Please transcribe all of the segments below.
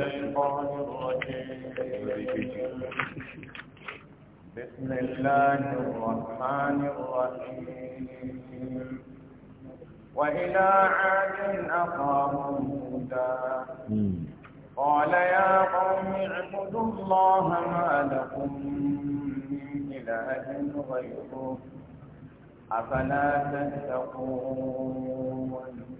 بسم الله الرحمن الرحيم وإلى عاد أخاهم هدى قال يا قوم اعبدوا الله ما لكم من إله غيره أفلا تتقون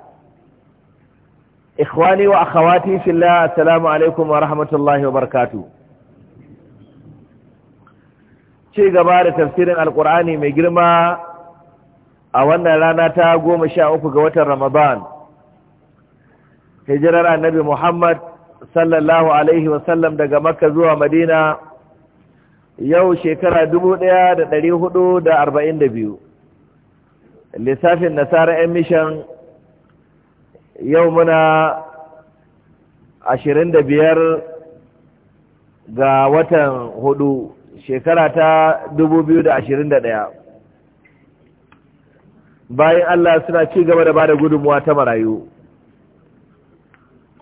ikhwani wa akhawati fillah assalamu alaikum wa rahmatullahi wa barakatuh ci gaba da tafsirin alkur'ani mai girma a wannan rana ta goma sha uku ga watan ramadan hijirar annabi muhammad sallallahu alaihi sallam daga makka zuwa madina yau shekara da huɗu biyu lissafin nasara yan mishan yau muna ashirin da biyar ga watan hudu shekara ta dubu biyu da ashirin da ɗaya bayan Allah suna ci gaba da bada gudunmuwa ta marayu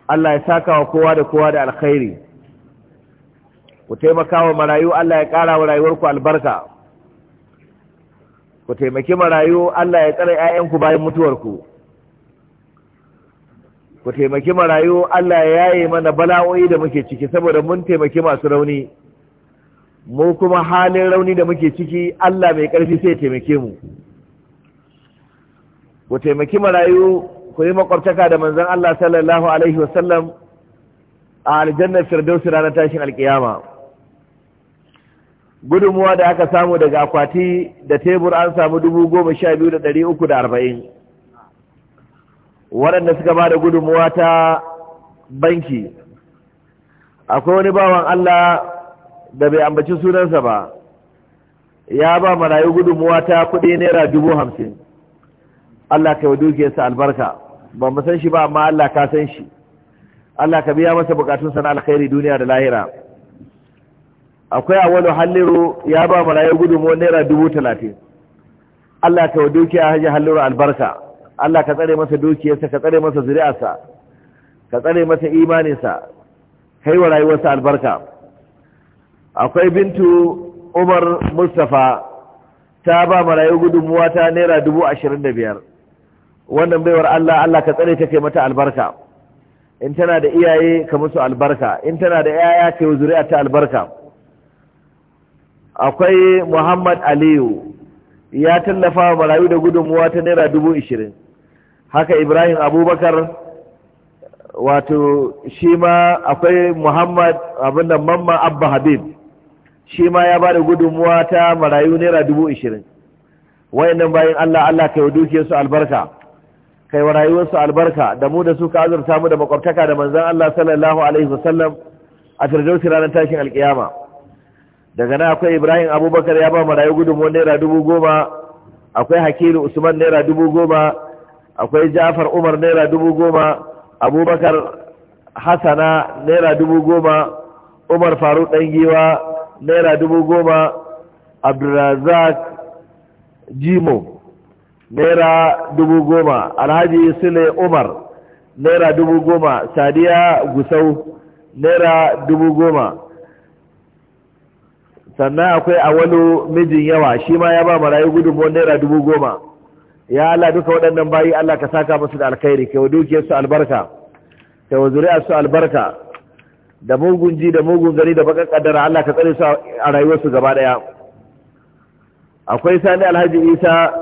Allah ya saka wa kowa da kowa da alkhairi ku taimaka wa marayu Allah ya ƙara wa rayuwarku albarka ku taimaki marayu Allah ya tsare 'ya'yanku bayan mutuwarku ku taimaki marayu Allah ya yaye mana bala'o'i da muke ciki saboda mun taimaki masu rauni mu kuma halin rauni da muke ciki Allah mai ƙarfi sai taimake mu ku taimaki marayu ku yi makwabtaka da manzon Allah sallallahu alaihi wasallam a aljannar firdausi ranar tashin alkiyama gudunmuwa da aka samu daga akwati da tebur an samu dubu goma sha biyu da ɗari uku da arba'in waɗanda suka ba da gudunmuwa ta banki akwai wani bawan Allah da bai ambaci sunansa ba ya ba marayu gudunmuwa ta kuɗi naira dubu hamsin Allah ka yi dukiyarsa albarka ba mu san shi ba amma Allah ka san shi Allah ka biya masa bukatunsa na alkhairi duniya da lahira akwai a wani halliru ya ba marayu gudunmuwa naira dubu talatin Allah ka yi dukiya hajji halliru albarka Allah ka tsare masa dukiyarsa ka tsare masa zuri'arsa ka tsare masa imaninsa kai wa rayuwarsa albarka akwai bintu Umar Mustafa ta ba marayu gudunmuwa ta naira dubu ashirin da biyar wannan baiwar Allah Allah ka tsare ta kai mata albarka in tana da iyaye ka musu albarka in tana da yaya ka yi zuri'a ta albarka akwai Muhammad Aliyu ya tallafa marayu da gudunmuwa ta naira dubu ishirin haka ibrahim abubakar wato shi ma akwai muhammad abinda mamma abba habib shi ma ya ba da gudunmuwa ta marayu naira dubu ishirin wayannan bayan allah allah kai wa su albarka kai wa rayuwarsu albarka da mu da su ka azurta mu da makwabtaka da manzan allah sallallahu alaihi wasallam a firdausi ranar tashin alkiyama daga nan akwai ibrahim abubakar ya ba marayu gudunmuwa naira dubu goma akwai hakilu usman naira dubu goma akwai jafar umar naira dubu goma abubakar hasana naira dubu goma umar faruk ɗangiwa naira dubu goma abdulrazak jimo naira dubu goma alhaji sule umar naira dubu goma sadiya gusau naira dubu goma sannan akwai awalu mijin yawa shi ma ya ba marayu gudunmu naira dubu goma ya Allah duka waɗannan bayi Allah ka saka musu da alkhairi kai dukiyar su albarka kai zuri'ar su albarka da mugun ji da mugun gari da baka kaddara Allah ka tsare su a rayuwar su gaba ɗaya. akwai sani alhaji isa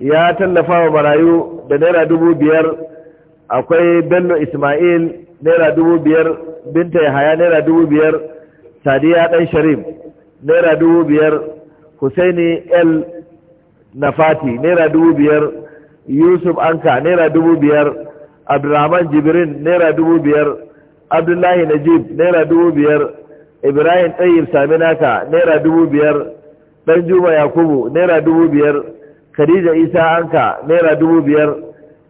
ya tallafa wa marayu da naira dubu biyar akwai bello ismail naira dubu biyar binta yahaya naira dubu biyar sadiya dan sharif naira dubu biyar husaini l nafati naira dubu biyar yusuf anka naira dubu biyar abdulrahman jibrin naira dubu biyar abdullahi najib naira dubu biyar ibrahim tsayib saminaka naira dubu biyar ɗan juma yakubu naira dubu biyar khadija isa anka naira dubu biyar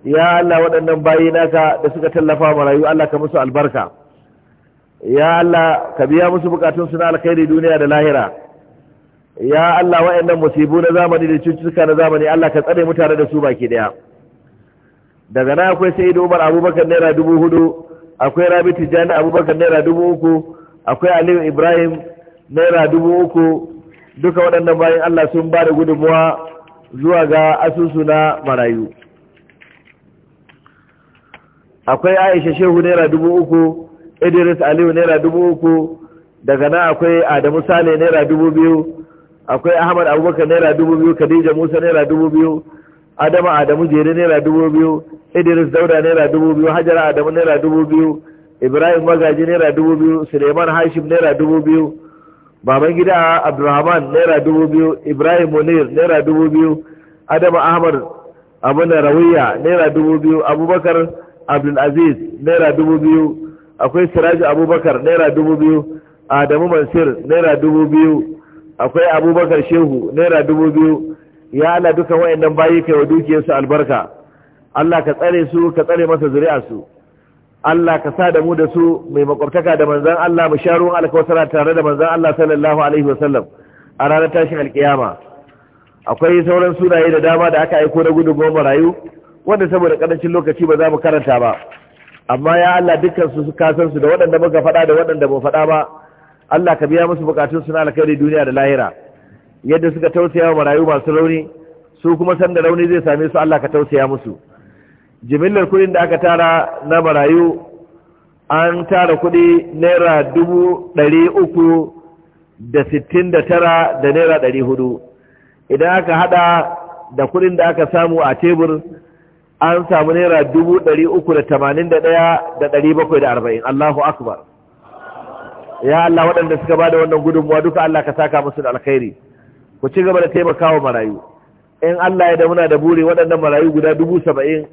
ya allah waɗannan bayi naka da suka tallafa marayu allah ka musu albarka ya allah ka biya musu bukatunsu na alkhairi duniya da lahira ya Allah wa'annan musibu na zamani da cututtuka na zamani Allah ka tsare mutane da su baki daya daga na akwai sai Umar Abubakar naira dubu hudu akwai Rabi Tijjani Abubakar naira dubu uku akwai Aliyu Ibrahim naira dubu uku duka waɗannan bayan Allah sun ba da gudunmuwa zuwa ga asusu na marayu akwai Aisha Shehu naira dubu uku Idris Aliyu naira dubu uku daga na akwai Adamu Sale naira dubu biyu akwai ahmad abubakar naira dubu biyu khadija musa naira dubu biyu adama adamu jere naira dubu biyu idris dauda naira dubu biyu hajara adamu naira dubu biyu ibrahim magaji naira dubu biyu suleiman hashim naira dubu biyu baban gida abdulrahman naira dubu biyu ibrahim munir naira dubu biyu adama ahmad na rawiya naira dubu biyu abubakar abdulaziz naira dubu biyu akwai siraji abubakar naira dubu biyu adamu mansur naira dubu biyu akwai abubakar shehu naira dubu biyu ya ala dukan wayannan bayi kai wa dukiyarsu albarka Allah ka tsare su ka tsare masa zuri'a su Allah ka sa da mu da su mai makwabtaka da manzan Allah mu sharu alkawtara tare da manzan Allah sallallahu alaihi wasallam a ranar tashin alkiyama akwai sauran sunaye da dama da aka aiko na goma marayu wanda saboda karancin lokaci ba za mu karanta ba amma ya Allah dukkan su kasan su da waɗanda muka faɗa da waɗanda ba faɗa ba Allah ka biya musu bukatun suna alkhairi duniya da lahira yadda suka tausaya wa marayu masu rauni su kuma san da rauni zai same su Allah ka tausaya musu jimillar kudin da aka tara na marayu an tara kudi naira dubu ɗari uku da sittin da tara da naira ɗari hudu idan aka haɗa da kudin da aka samu a tebur an samu naira dubu ɗari uku da tamanin da ɗaya da ɗari bakwai da arba'in Allahu akbar ya Allah waɗanda suka bada wannan gudunmuwa duka Allah ka saka musu da alkhairi ku ci gaba da taimakawa marayu in Allah ya da muna da buri waɗannan marayu guda dubu saba'in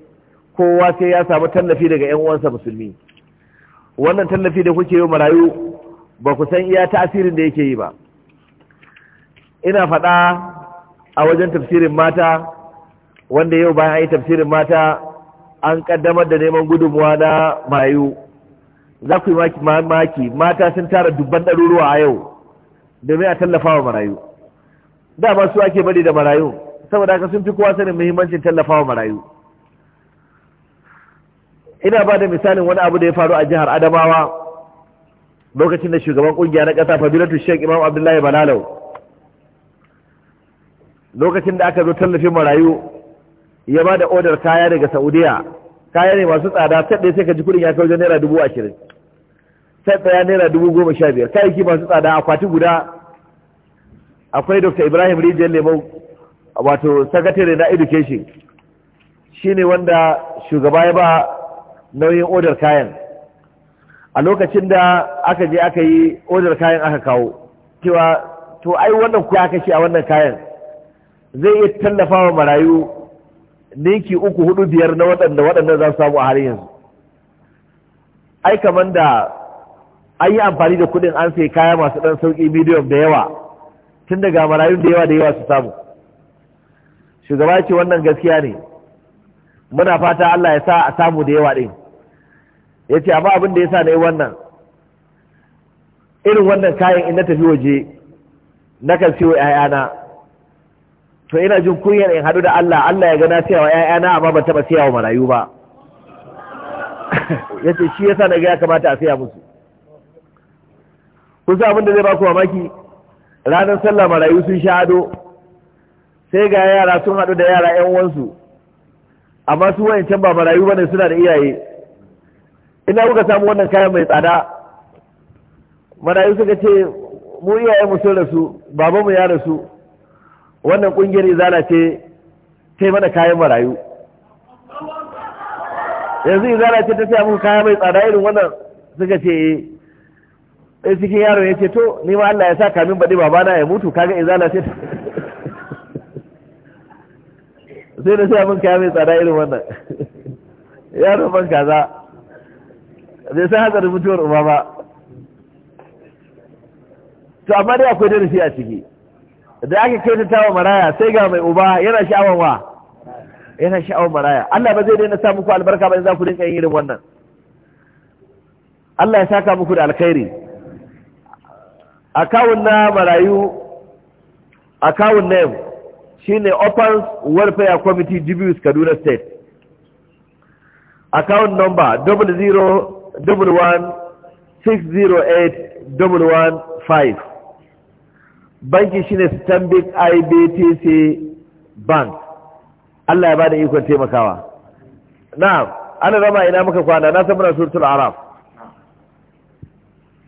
kowa sai ya samu tallafi daga yan uwansa musulmi wannan tallafi da kuke yi marayu ba ku san iya tasirin da yake yi ba ina faɗa a wajen tafsirin mata wanda yau bayan yi tafsirin mata an ƙaddamar da neman gudunmuwa na marayu za ku yi maki mata sun tara dubban ɗaruruwa a yau domin a tallafa wa marayu dama su ake bari da marayu saboda haka sun fi kowa sanin muhimmancin tallafa wa marayu ina ba da misalin wani abu da ya faru a jihar adamawa lokacin da shugaban kungiya na ƙasa fadilatu shek imam abdullahi balalau lokacin da aka zo tallafin marayu ya ba da odar kaya daga saudiya kaya ne masu tsada sai sai ka ji kudin ya kai wajen naira dubu ashirin sai tsaya naira dubu goma sha biyar kayayyaki masu tsada akwati guda akwai dr ibrahim rijiyar lemo wato sakatare na education shine wanda shugaba ya ba nauyin odar kayan a lokacin da aka je aka yi odar kayan aka kawo cewa to ai wannan ya aka a wannan kayan zai iya tallafa wa marayu ninki uku hudu biyar na waɗanda waɗanda za su samu a har yanzu ai kamar da an yi amfani da kuɗin an sai kaya masu ɗan sauƙi medium da yawa tun daga marayun da yawa da yawa su samu shugaba ce wannan gaskiya ne muna fata Allah ya sa a samu da yawa ɗin ya ce amma abin da ya sa na yi wannan irin wannan kayan in na tafi waje na kan siyo ‘ya'yana to ina jin kunyar in haɗu da Allah Allah ya gana siyawa ‘ya'yana amma ban taɓa siyawa marayu ba ya ce shi ya sa na ga ya kamata a siya musu kun sa abin da zai ba mamaki ranar sallah marayu sun sha ado sai ga yara sun haɗu da yara 'yan uwansu amma su wayancan ba marayu bane suna da iyaye ina kuka samu wannan kayan mai tsada marayu suka ce mu iyaye mu sun rasu babanmu ya rasu wannan kungiyar izala ce ta mana kayan marayu yanzu izala ce ta sai muku kaya mai tsada irin wannan suka ce eh. sai cikin yaron ya ce to ni ma Allah ya sa kamin baɗi babana ya mutu kaga izala ce sai da sai mun kaya mai tsada irin wannan yaron man kaza zai san hatsarin mutuwar uba ba to amma dai akwai darasi a ciki da aka kai ta tawa maraya sai ga mai uba yana sha'awar wa yana sha'awar maraya Allah ba zai daina sa muku albarka ba in za ku rinka yin irin wannan Allah ya saka muku da alkhairi akawun na marayu akawun shi ne Open Welfare Committee Dubuis Kaduna State account number double zero double one six zero eight double one five banki Stanbic IBTC bank Allah ya bada ikon taimakawa na ana zama ina muka kwana na samunan muna arab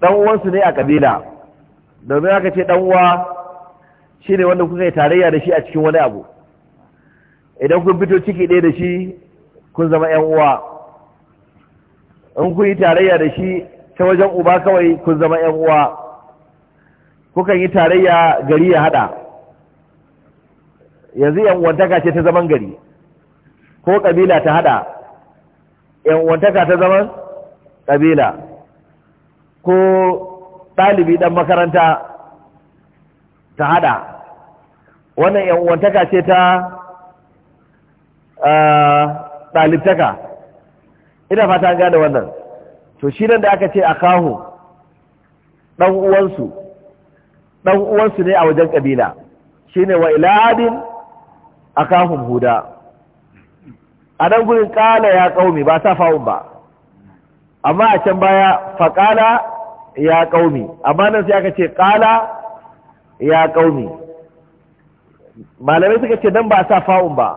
dan uwansu ne a kabila domin aka ce dan uwa ne wanda kuka yi tarayya da shi a cikin wani abu idan kun fito ciki ɗaya da shi kun zama yan uwa in kun yi tarayya da shi ta wajen uba kawai kun zama yan uwa kukan yi tarayya gari ya hada yanzu yan uwantaka ce ta zaman gari ko kabila ta hada yan uwantaka ta zaman kabila ko ɗalibi ɗan makaranta ta hada wannan uwantaka ce ta ɗalibtaka ina fata an gane wannan to shi nan da aka ce a kahu ɗan uwansu ɗan uwansu ne a wajen ƙabila shi ne wa iladin a kahun huda a nan gudun ƙala ya ƙaumi ba sa fa'un ba amma a can baya faƙala ya qaumi amma nan sai aka ce qala ya qaumi malamai suka ce dan ba sa fa'un ba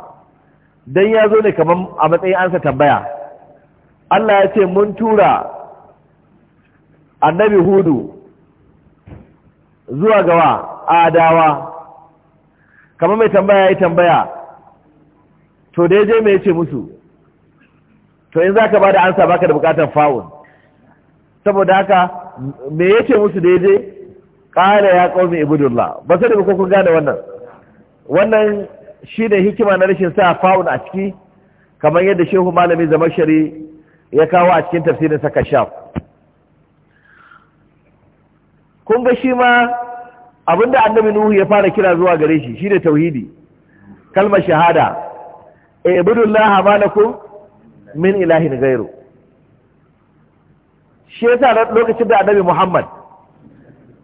dan ya zo ne kaman a matsayin ansa tambaya Allah ya ce mun tura annabi hudu zuwa gawa adawa kamar mai tambaya ya yi tambaya to da ya je mai yace musu to in za ka ba da ansa baka da bukatar fa'un saboda haka me ya ce musu daidai ƙara ya qaumi ibudullah ba sai da ko kun gane wannan wannan shi ne hikima na rashin sa fa'un a ciki kamar yadda shehu malami zamashari ya kawo a cikin tafsirin saka shaf kun ga shi ma abinda annabi nuhu ya fara kira zuwa gare shi shi ne tauhidi kalmar shahada e ibudullah ma lakum min ilahin ghairu shi ya sa lokacin da annabi Muhammad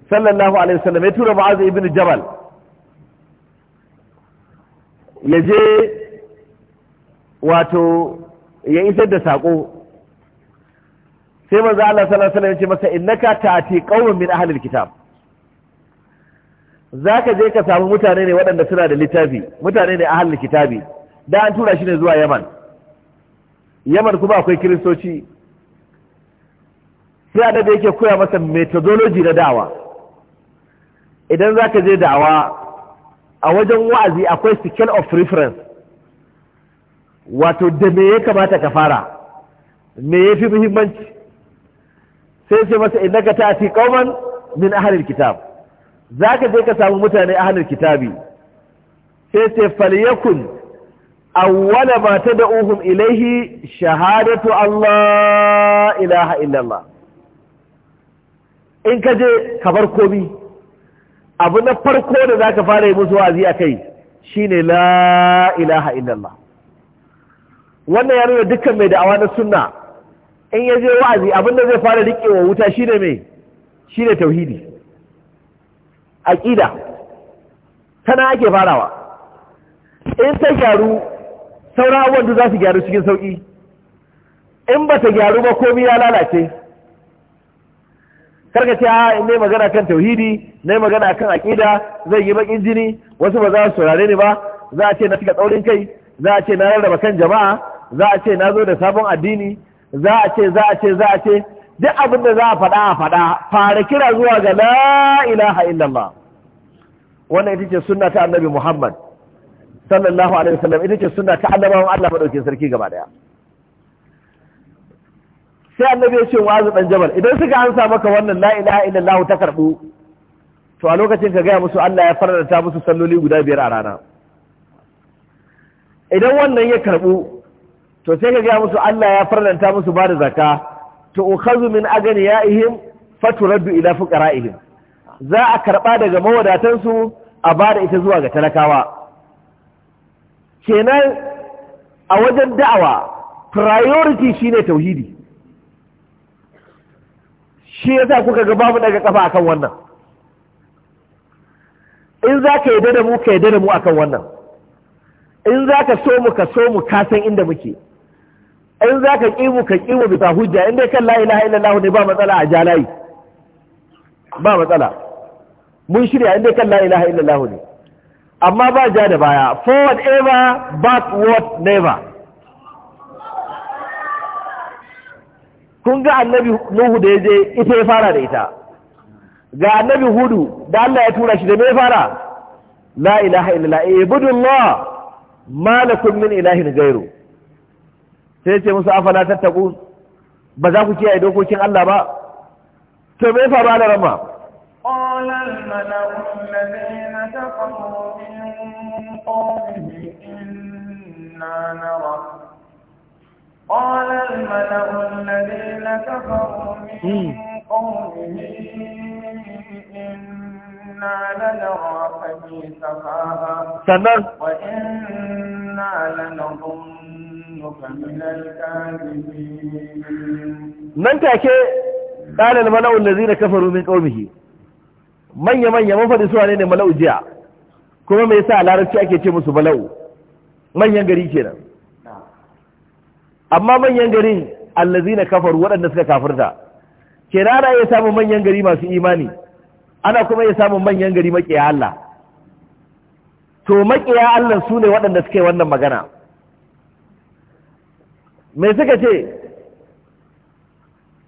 sallallahu alaihi wasallam ya tura Mu'az ibn Jabal ya je wato ya isar da sako sai manzo Allah sallallahu alaihi wasallam ya ce masa innaka ta'ati qauman min ahli alkitab zaka je ka samu mutane ne waɗanda suna da littafi mutane ne kitabi da an tura shi ne zuwa Yaman Yaman kuma akwai kiristoci sai annabi yake koya masa methodology na da'awa idan za ka je da'awa a wajen wa'azi akwai scale of reference wato da me ya kamata ka fara me ya fi muhimmanci sai sai masa ta fi qauman min kitab za ka je ka samu mutane ahalin kitabi, sai sai falyakun awwala ma tad'uhum ilaihi shahadatu Allah ilaha illallah in ka je ka bar komi abu na farko da za ka fara yi musu wa'azi a kai shi ne la ilaha illallah wannan ya nuna dukkan mai da'awa na suna, in ya je wa'azi abin da zai fara rike wa wuta shi ne mai shi ne tauhidi aƙida tana ake farawa in ta gyaru sauran abubuwan da za su gyaru cikin sauƙi in ba ta gyaru ba komi ya lalace karka ce a in magana kan tauhidi ne magana kan aqida zai yi bakin jini wasu ba za su saurare ni ba za a ce na cika tsaurin kai za a ce na rarraba kan jama'a za a ce na zo da sabon addini za a ce za a ce za a ce duk abin da za a faɗa a faɗa fara kira zuwa ga la ilaha illallah wannan ita ce sunna ta annabi muhammad sallallahu alaihi wasallam ita ce sunna ta annabawan allah madaukin sarki gaba daya sai annabi ya ce wa'azu dan jabal idan suka ansa maka wannan la ilaha illallah ta karbu to a lokacin ka gaya musu Allah ya faranta musu salloli guda biyar a rana idan wannan ya karbu to sai ka gaya musu Allah ya faranta musu ba da zakka to ukhazu min aganiyaihim faturaddu ila fuqaraihim za a karba daga mawadatan su a bada ita zuwa ga talakawa kenan a wajen da'awa priority shine tauhidi shi sa kuka ga babu daga kafa akan wannan in za ka yadda da mu ka yadda da mu akan wannan in za ka so mu ka so mu ka san inda muke in za ka ƙi mu ka ƙi mu bisa hujja in dai kan la ilaha illallah ne ba matsala a jalayi ba matsala mun shirya in dai kan la ilaha illallah ne amma ba ja da baya forward ever backward never kun ga annabi nuhu da ya je ita ya fara da ita ga annabi hudu da Allah ya tura shi da me fara la ilaha illallah ibudullah ma lakum min ilahin gairu sai ce musu afala tattaku ba za ku kiyaye dokokin Allah ba to me fara da rama قال الملأ الذين كفروا من قومه إنا قال الملأ الذين كفروا من قومه إنا لنراك في سفاهة وإنا لنظنك من الكاذبين من تأكي قال الملأ الذين كفروا من قومه ne malau jiya kuma me yasa larabci ake ce musu balau manyan gari kenan amma manyan gari zina kafaru waɗanda suka kafirta Ke ana iya samun manyan gari masu imani ana kuma iya samun manyan gari makiya Allah to makiya Allah su ne waɗanda suke wannan magana mai suka ce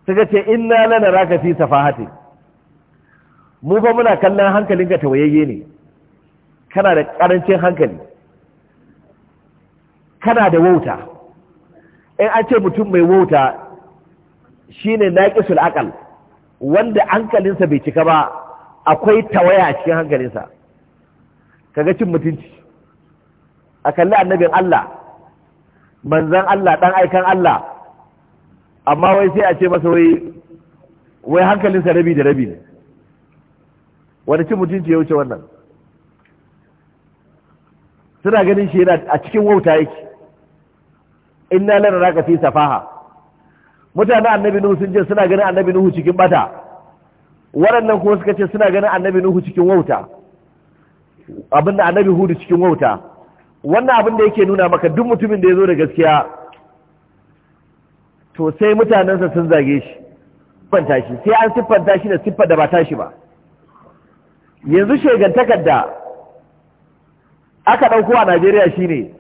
suka ce ina lana raka fi safahati mu fa muna kallon hankalinka tawayayye ne kana da ƙarancin hankali kana da wauta in a ce mutum mai wauta shine naƙisul akal wanda hankalinsa bai cika ba akwai tawaya a cikin hankalinsa kaga cin mutunci a kalli annabin Allah manzan Allah dan aikan Allah amma wai sai a ce masa wai wai hankalinsa rabi da rabi ne wani cin mutunci ya wuce wannan suna ganin shi yana a cikin wauta yake inna raka fi safaha mutanen annabi nuhu sun ce suna ganin annabi nuhu cikin bata waɗannan kuma suka ce suna ganin annabi nuhu cikin wauta abin da annabi hudu cikin wauta wannan abin da yake nuna maka duk mutumin da ya zo da gaskiya to sai mutanensa sun zage shi siffanta shi sai an siffanta shi da siffar da ba tashi ba yanzu shegantakar da aka ɗauko a najeriya shine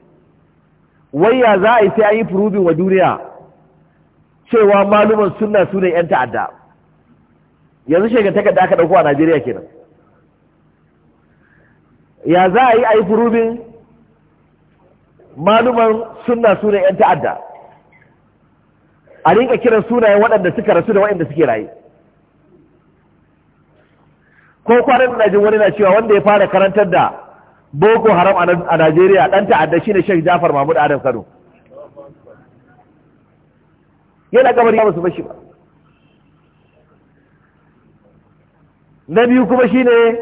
wayya za a yi sai an yi furubin wa duniya cewa maluman sunna su ne 'yan ta'adda yanzu shiga takarda aka ɗauko a najeriya kenan ya za a yi a yi furubin maluman sunna su ne 'yan ta'adda a rinka kiran sunayen waɗanda suka rasu da waɗanda suke raye ko kwanan na jin wani na cewa wanda ya fara karantar da boko haram a najeriya ɗan ta'adda shi ne Sheikh jafar mahmud adam kano yana kamar ya musu bashi ba na biyu kuma shi ne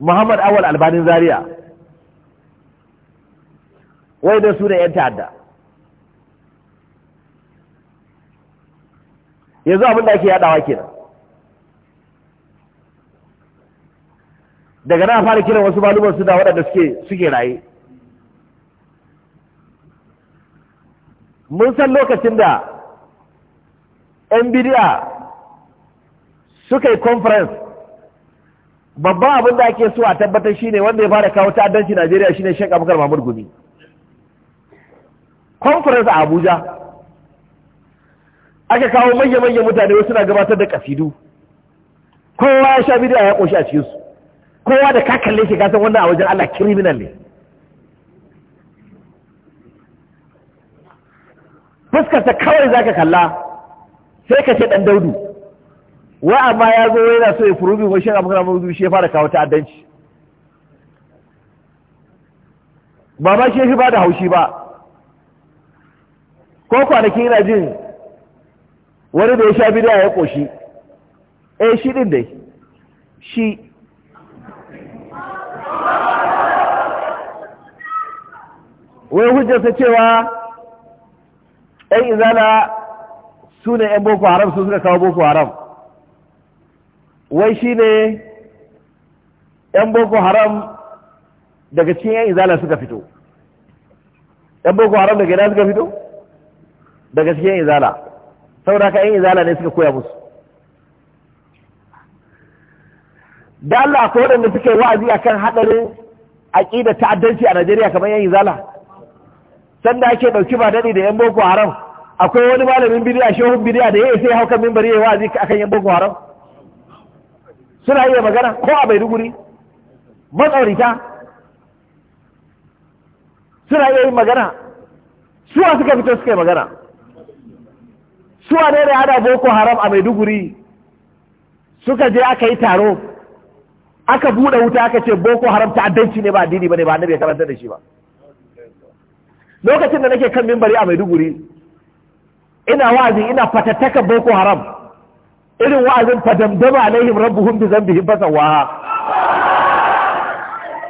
muhammad awal albanin zaria wai da su ne 'yan ta'adda yanzu abin da ake yadawa kenan daga na fara kiran wasu su na waɗanda suke suke raye mun san lokacin da 'yan bidiya suka yi conference babban abin da ake so a tabbatar shine wanda ya fara kawo ta'addanci Najeriya shine shan Abubakar Mahmud Gumi conference a Abuja aka kawo manya-manyan mutane wasu na gabatar da kasidu kowa ya sha bidiya ya koshi a cikinsu kowa da ka kalle shi kasan wannan a wajen Allah criminal ne fuskarsa kawai za ka kalla sai ka ce ɗan daudu wa amma ya zo yana so ya furubi wa shan abokan amurdu shi ya fara kawo ta'addanci ba ma shi ya ba da haushi ba ko kwanaki yana jin wani da ya sha bidiyo ya koshi eh shi ɗin dai shi wai hujjarsa cewa ‘yan izala su ne ‘yan boko haram su suka kawo boko haram wai shi ne ‘yan boko haram daga cikin ‘yan izala suka fito ‘yan boko haram daga ina suka fito daga cikin ‘yan izala saboda ka ‘yan izala ne suka koya musu da Allah akwai waɗanda suke wa'azi akan haɗarin da ta'addanci a Najeriya kamar ‘yan izala sanda ake ɗauki ba daɗi da yan boko haram akwai wani malamin bidiya shehun bidiya da ya sai haukan mimbari ya wa'azi akan yan boko haram suna iya magana ko a maiduguri matsaurita suna iya yin magana suwa suka fito suka yi magana suwa ne da ana boko haram a maiduguri suka je aka yi taro aka buɗe wuta aka ce boko haram ta ne ba addini ba ne ba annabi ya karanta da shi ba lokacin da nake kan mimbari a maiduguri ina wa'azi ina fatattaka boko haram irin wa'azin fadamdama alaihim rabbuhum bi zambihim fasawa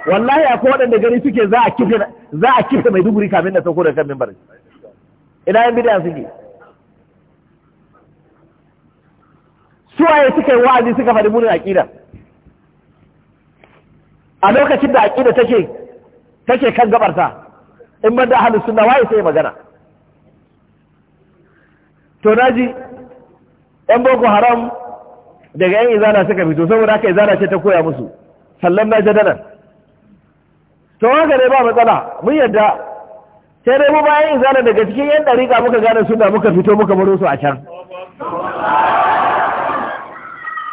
wallahi akwai waɗanda gani suke za a kife za a kife maiduguri kamin na sauko da kan mimbari, ina yan bid'a suke suwaye suka yi wa'azi suka faɗi munin aqida a lokacin da aqida take take kan gabarta in ban da ahalin suna, waye sai magana to naji yan boko haram daga yan izana suka fito saboda haka izana ce ta koya musu sallan na jadalan to haka ne ba matsala mun yadda sai dai mu bayan izana daga cikin yan dariƙa muka gane suna muka fito muka baro su a can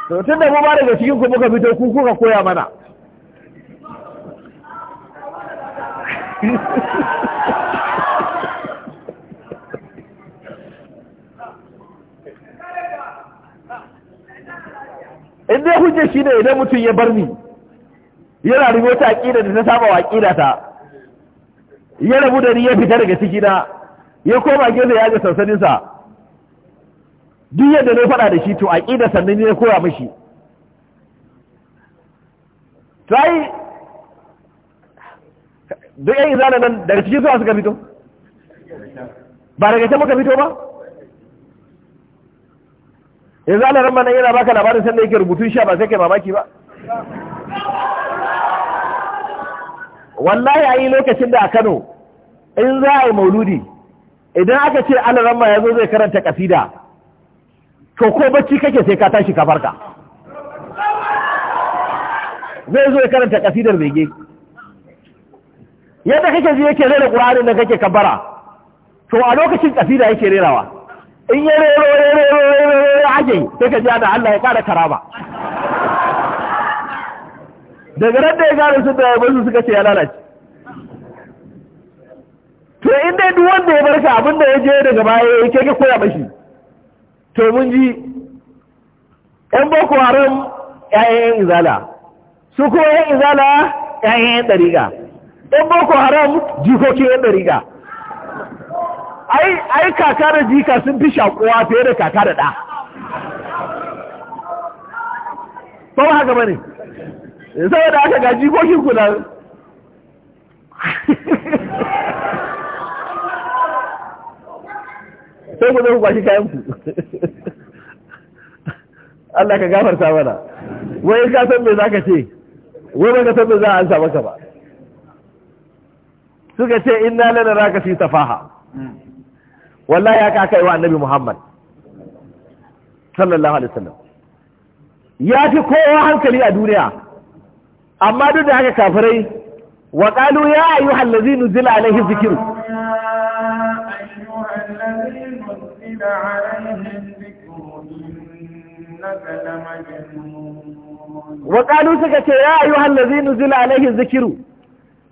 to tunda mu ba daga cikin ku muka fito ku kuka koya mana in dai hujjar shi ne idan mutum ya bar ni yana rubuta aƙida da ta saba wa aƙida ta ya rabu da ni ya fita daga ciki na ya koma gefe ya ga sansanin sa duk yadda na faɗa da shi to aƙida sannan ne ya koya ta yi duk yan izana nan daga cikin zuwa suka fito ba daga can muka fito ba yanzu ana ran nan yana baka labarin sanda yake rubutun sha ba sai kai mamaki ba wallahi yayi lokacin da a kano in za a yi mauludi idan aka ce ana ramma ya zo zai karanta kasida to ko bacci kake sai ka tashi ka farka zai zo ya karanta kasidar bege yadda kake zai yake rera ƙur'anin da kake kabara to a lokacin kasida yake rerawa in ya rero ya rero rero ya ake sai ka ji Allah ya ƙara karama daga ran da ya gane su da ya suka ce ya lalace to in dai duk wanda ya barka abin da ya je daga baya ya kai ka koya mashi to mun ji ƴan boko haram 'ya'yan izala su kuma ‘yan izala ‘ya’yan ɗariga’ ɗan boko haram jikokin yan riga. ai kaka da jika sun fi shakuwa fiye da kaka da ɗa ba ba haka ba ne saboda aka ga jikokin kula sai ku zai ku kwashi kayan ku Allah ka gafarta mana wai ka san me ka ce wai ba ka san me za a ansa maka ba suka ce inna lana ka fi tafaha hmm. wallahi ya ka kai wa annabi Muhammad sallallahu alaihi wasallam ya fi kowa hankali a duniya amma duk da haka kafirai wa qalu ya ayyuhal ladzina zila alaihi dhikru wa qalu suka ce ya ayyuhal ladzina zila alaihi dhikru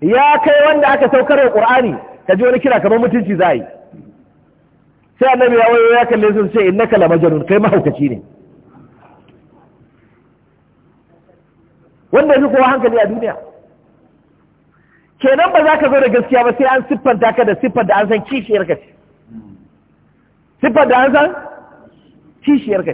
ya kai wanda aka saukar wa ƙur'ani ka ji wani kira kamar mutunci za yi sai annabi ya wayo ya kalle su ce inna kala majnun kai mahaukaci ne wanda yake kowa hankali a duniya kenan ba za ka zo da gaskiya ba sai an siffanta ka da siffar da an san kishiyar ka ce siffar da an san kishiyar ka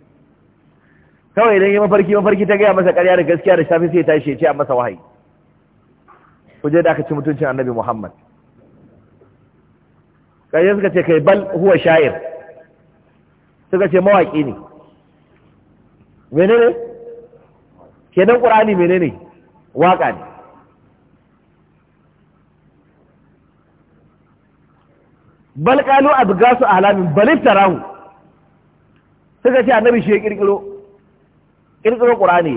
kawai idan yi mafarki mafarki ta gaya masa karya da gaskiya da shafi sai tashi ya ce a masa wahayi kuje da aka ci mutuncin annabi muhammad ƙarshen suka ce kai bal huwa shayar suka ce mawaƙi ne menene kenan ƙurani menene waƙa ne bal ƙalu a bugasu a halamin balin tarahu suka ce annabi shi ya ƙirƙiro kirkiro qur'ani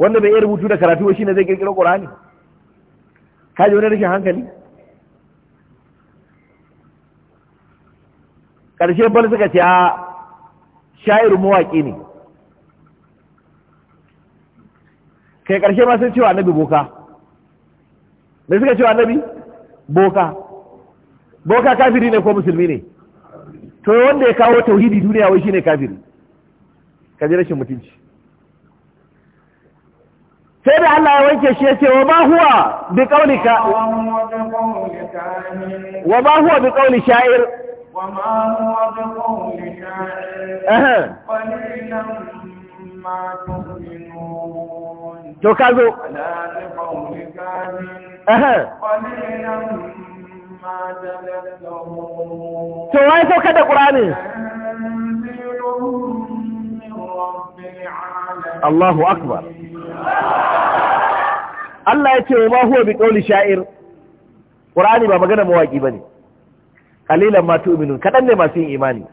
wanda bai iya rubutu da karatu shi ne zai kirkiro qur'ani ka wani rashin hankali ƙarshe bal suka ce a sha'iru mawaƙi ne kai ƙarshe ma sun cewa annabi boka da suka cewa annabi boka boka kafiri ne ko musulmi ne to wanda ya kawo tauhidi duniya wai shine kafiri ka ji rashin mutunci sai da Allah ya wanke shi ya ce wa ba huwa bi qaulika wa ba huwa bi qauli sha'ir wa ma huwa bi to ka zo to wai da qur'ani Allahu akbar Allah ya ce wa ma huwa bi qawli sha'ir Qur'ani ba magana mawaki ne. Ƙalilan ma tu'minun kadan ne masu yin imani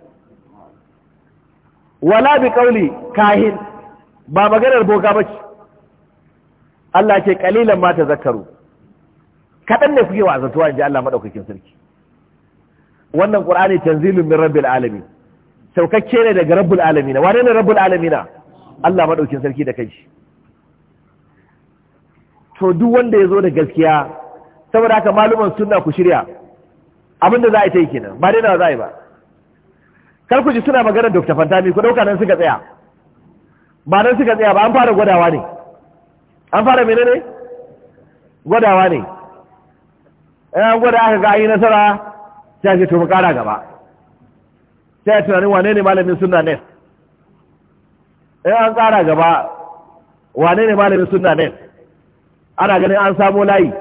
wala bi ƙauli kahin ba maganar boga ba ce, Allah ce ƙalilan ma zakaru. kadan ne kuke wa'azantuwa ji Allah maɗaukakin sarki wannan Qur'ani tanzilun min rabbil alami. saukakke ne daga rabbul alamina wane ne rabbul alamina Allah madaukin sarki da kanshi to duk wanda ya zo da gaskiya saboda haka maluman sunna ku shirya abinda za a yi ta yi kenan ba daina za a yi ba kar ku ji suna magana dr fantami ku ɗauka nan suka tsaya ba nan suka tsaya ba an fara gwadawa ne an fara menene gwadawa ne an gwada aka ga yi nasara sai ake to mu kara gaba sai a tunanin wane ne malamin suna ne an ƙara gaba wane ne malamin suna ne ana ganin an samo layi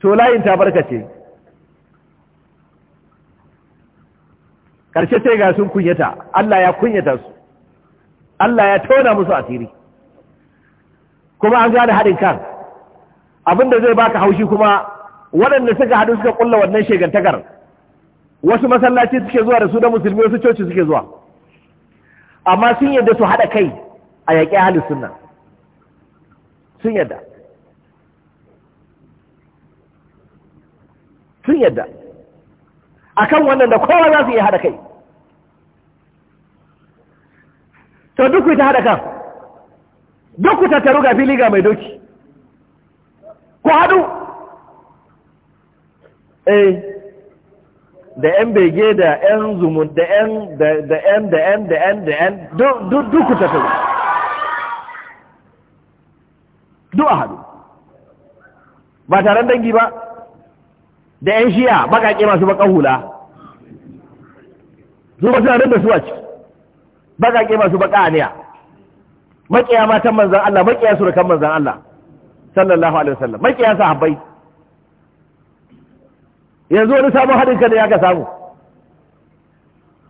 to layin ta barkace ƙarshe sai ga sun kunyata Allah ya kunyata su Allah ya tona musu asiri kuma an gane haɗin kan abinda zai baka haushi kuma waɗanda suka haɗu suka ƙulla wannan shegantakar wasu masallaci suke zuwa da su da musulmi wasu coci suke zuwa amma sun yadda su haɗa kai a yaƙi halin suna sun yadda sun yadda kan wannan da kowa za su iya haɗa kai to duk ku ta haɗa kan duk ku tattaru ga fili ga mai doki ku haɗu eh da yan bege da yan zumun da yan da yan da yan da yan da yan duk ku tafi duk a haɗu ba taron dangi ba da yan shiya bakaƙe masu baƙan hula su ba suna da su a ciki Bakaƙe masu baƙa aniya maƙiya matan manzan Allah maƙiya surukan manzan Allah sallallahu alaihi wasallam maƙiya sahabbai yanzu wani samun haɗin kai ne aka samu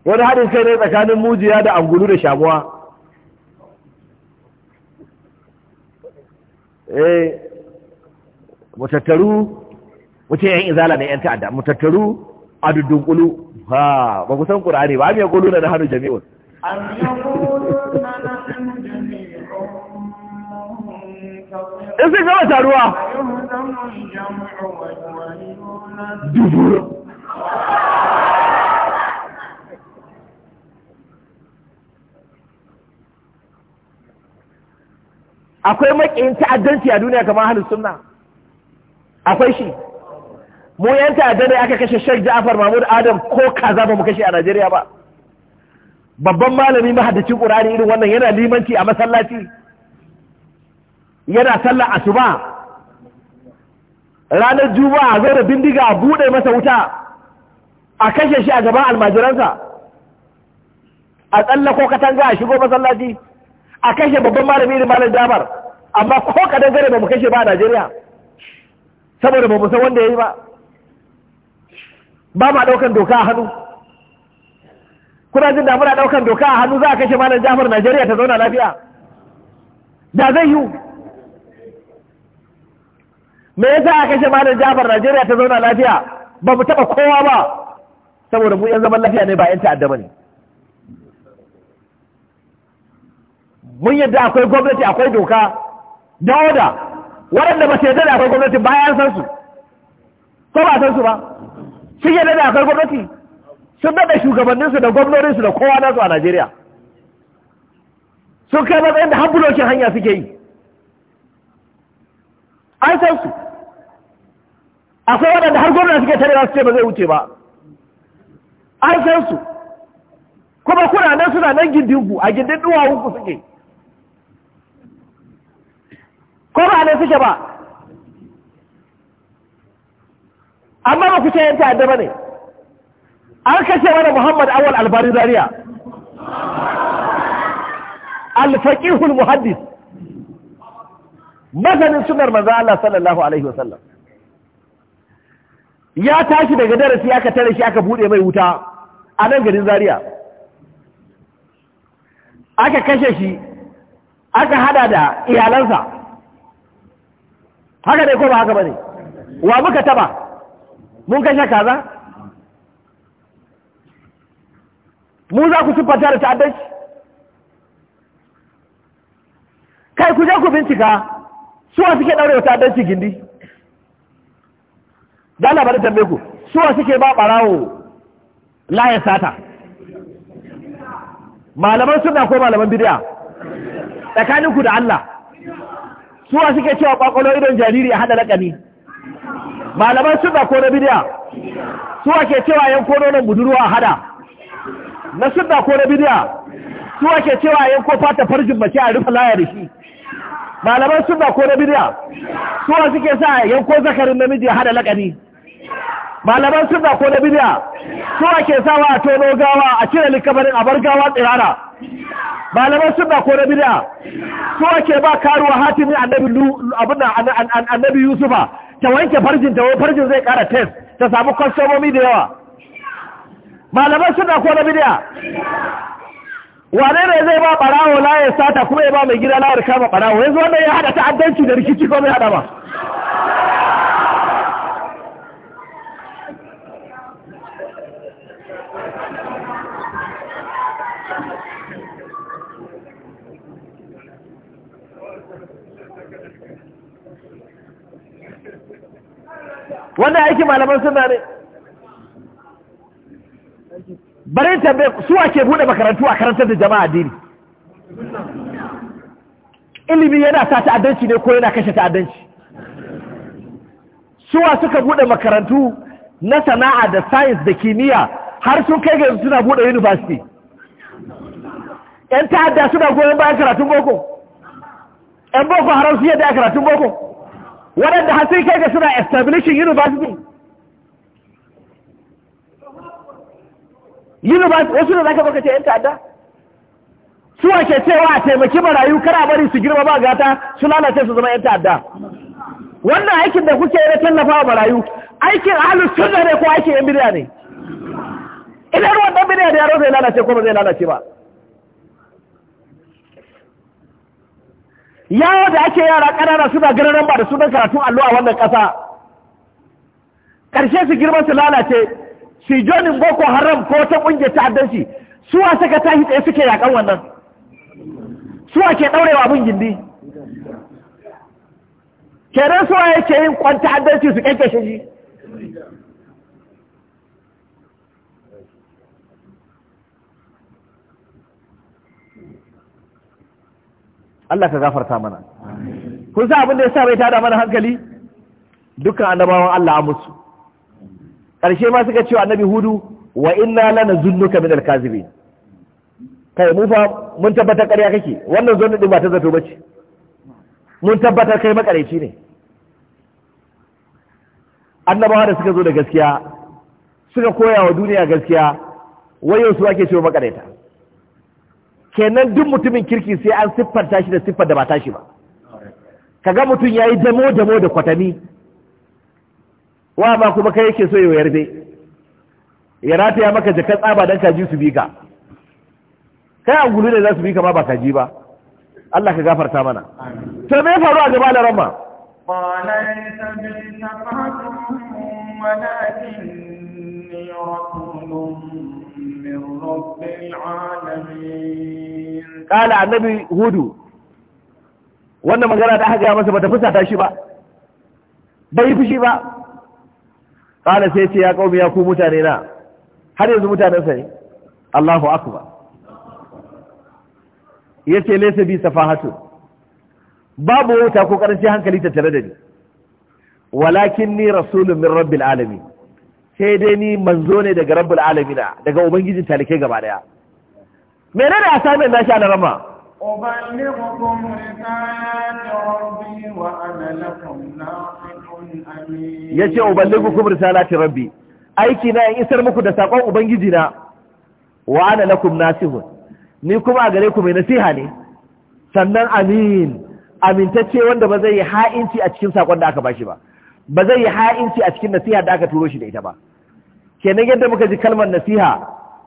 wani haɗin kai ne tsakanin mujiya da angulu da shamuwa eh mutattaru wuce yan izala ne yan ta'adda mutattaru a dudunkulu ha ba ku san qur'ani ba me yaqulu na nahnu jami'un am yaquluna nahnu jami'un in sai ga taruwa Dubura. akwai makiyin ta'addanci a duniya kamar halin sunna akwai shi mu yan ta'addan ne aka kashe Sheikh Ja'far Mahmud Adam ko kaza ba mu kashe a Najeriya ba babban malami mahaddacin ƙurari irin wannan yana limanci a masallaci yana sallar asuba ranar a zai da bindiga a bude masa wuta a kashe shi a gaban almajiransa a ko katanga a shigo masallaci a kashe babban malami da malam damar amma ko kadan gare ba mu kashe ba a najeriya saboda ba mu san wanda ya yi ba ba ma ɗaukan doka a hannu kuna jin da muna ɗaukan doka a hannu za a kashe malam damar najeriya ta zauna lafiya da zai yiwu me yasa aka kashe malam jabar Najeriya ta zauna lafiya ba mu taba kowa ba saboda mu yan zaman lafiya ne ba yan ta'adda ne. mun yadda akwai gwamnati akwai doka da oda waɗanda ba su yadda da akwai gwamnati bayan san su ko ba san su ba sun yadda da akwai gwamnati sun daɗa shugabanninsu da gwamnorinsu da kowa nasu a Najeriya sun kai matsayin da hankulokin hanya suke yi an san su akwai waɗanda har gwamna suke tare za su ce ba zai wuce ba an san su kuma kuna nan suna nan gindin ku a gindin duwawunku suke ko ba nan suke ba amma ba ku ce yanta yadda ba ne an kashe mana muhammad awal albari zariya alfaƙihul muhaddis masanin sunar manzo Allah sallallahu alaihi wasallam ya tashi daga darasi aka tare shi aka bude mai wuta a nan garin Zariya. aka kashe shi aka hada da iyalansa haka dai ko ba haka bane wa muka taba mun kashe kaza mu za ku siffanta da ta'addanci kai ku je ku bincika suwa suke daure wa ta'addanci gindi da Allah bari tambaye ku suwa suke ba barawo laye sata malaman suna ko malaman bid'a tsakanin ku da Allah suwa suke cewa kwakwalo idon jariri a hada lakani malaman suna ko na bid'a suwa ke cewa yan kono nan budurwa a hada na suna ko na bid'a suwa ke cewa yan ko fata farjin mace a rufe laya da shi malaman suna ko na bid'a suwa suke sa yan ko zakarin namiji a hada lakani malaman suna ko na bidiya su ake sawa a tono gawa a cire likabarin a bar gawa tsirara malaman suna ko na bidiya su ake ba karuwa hatimin annabi yusufa ta wanke farjin ta farjin zai kara tes ta samu kwastomomi da yawa malaman suna ko na bidiya wane ne zai ba barawo laye sata kuma ya ba mai gida lawar kama barawo yanzu wanda ya hada ta'addanci da rikici ko mai hada ba wannan aiki malaman suna ne bari tambaye su ake bude makarantu a karantar da jama'a dini ilimi yana sa ta'addanci ne ko yana kashe ta'addanci suwa suka bude makarantu na sana'a da science da kimiyya har sun kai ga suna bude university yan ta'adda suna goyon bayan karatun boko yan boko haram su yadda karatun boko waɗanda har sai kai ga suna establishing university university wasu da zaka baka ce yan ta'adda su ake cewa a taimaki marayu kara bari su girma ba gata su lalace su zama yan ta'adda wannan aikin da kuke yana tallafa wa marayu aikin ahlus sunna ne ko aikin yan bidiya ne idan wannan bidiya da yaro zai lalace ko ba zai lalace ba yawo da ake yara ƙanana suna ganin ba da sunan karatun allo a wannan ƙasa ƙarshe su girma su lalace su jonin boko haram ko ta ƙungiyar ta'addanci a saka tashi tsaye suke yaƙan wannan a ke ɗaurewa abin gindi kenan waye yake yin kwanta ta'addanci su ƙyanƙyashe shi Allah ka gafarta mana kun sa abin da ya sa bai tada mana hankali dukkan annabawan Allah a musu ƙarshe ma suka cewa annabi hudu wa inna lana zunnuka min alkazibin kai mu fa mun tabbatar ƙarya kake wannan zo din ba ta zato bace mun tabbatar kai makareci ne annabawa da suka zo da gaskiya suka koya wa duniya gaskiya wayo su ake cewa makareta kenan duk mutumin kirki sai an siffanta shi da siffar da ba tashi ba kaga mutum yayi damo damo da kwatami wa ba kuma kai yake so ya dai ya rataya maka jakar tsaba dan kaji su bika kai an gulu da za su bika ma ba kaji ba Allah ka gafarta mana to me faru a gaba da rama qala laysa bi walakin rasulun من رب العالمين قال النبي هود wannan magana da aka gaya masa bata fusata shi ba bai fushi ba kala sai ce ya kaumi ya ku mutane na har yanzu mutanen sa ne Allahu akbar yace laysa bi safahatu babu wuta ko karanci hankali tattare da ni walakin ni rasulun min rabbil alamin sai dai ni manzo ne daga rabbul alamina daga ubangijin talike gaba daya menene assignment na sha na rama أبلغكم رسالات ربي وأنا لكم ناصح أمين يجي أبلغكم رسالات aiki na in isar muku da sakon ubangiji na wa ana lakum nasihun ni kuma a gare ku mai nasiha ne sannan amin amintacce wanda ba zai yi ha'inci a cikin sakon da aka bashi ba ba zai yi ha'inci a cikin nasiha da aka turo shi da ita ba kenan yadda muka ji kalmar nasiha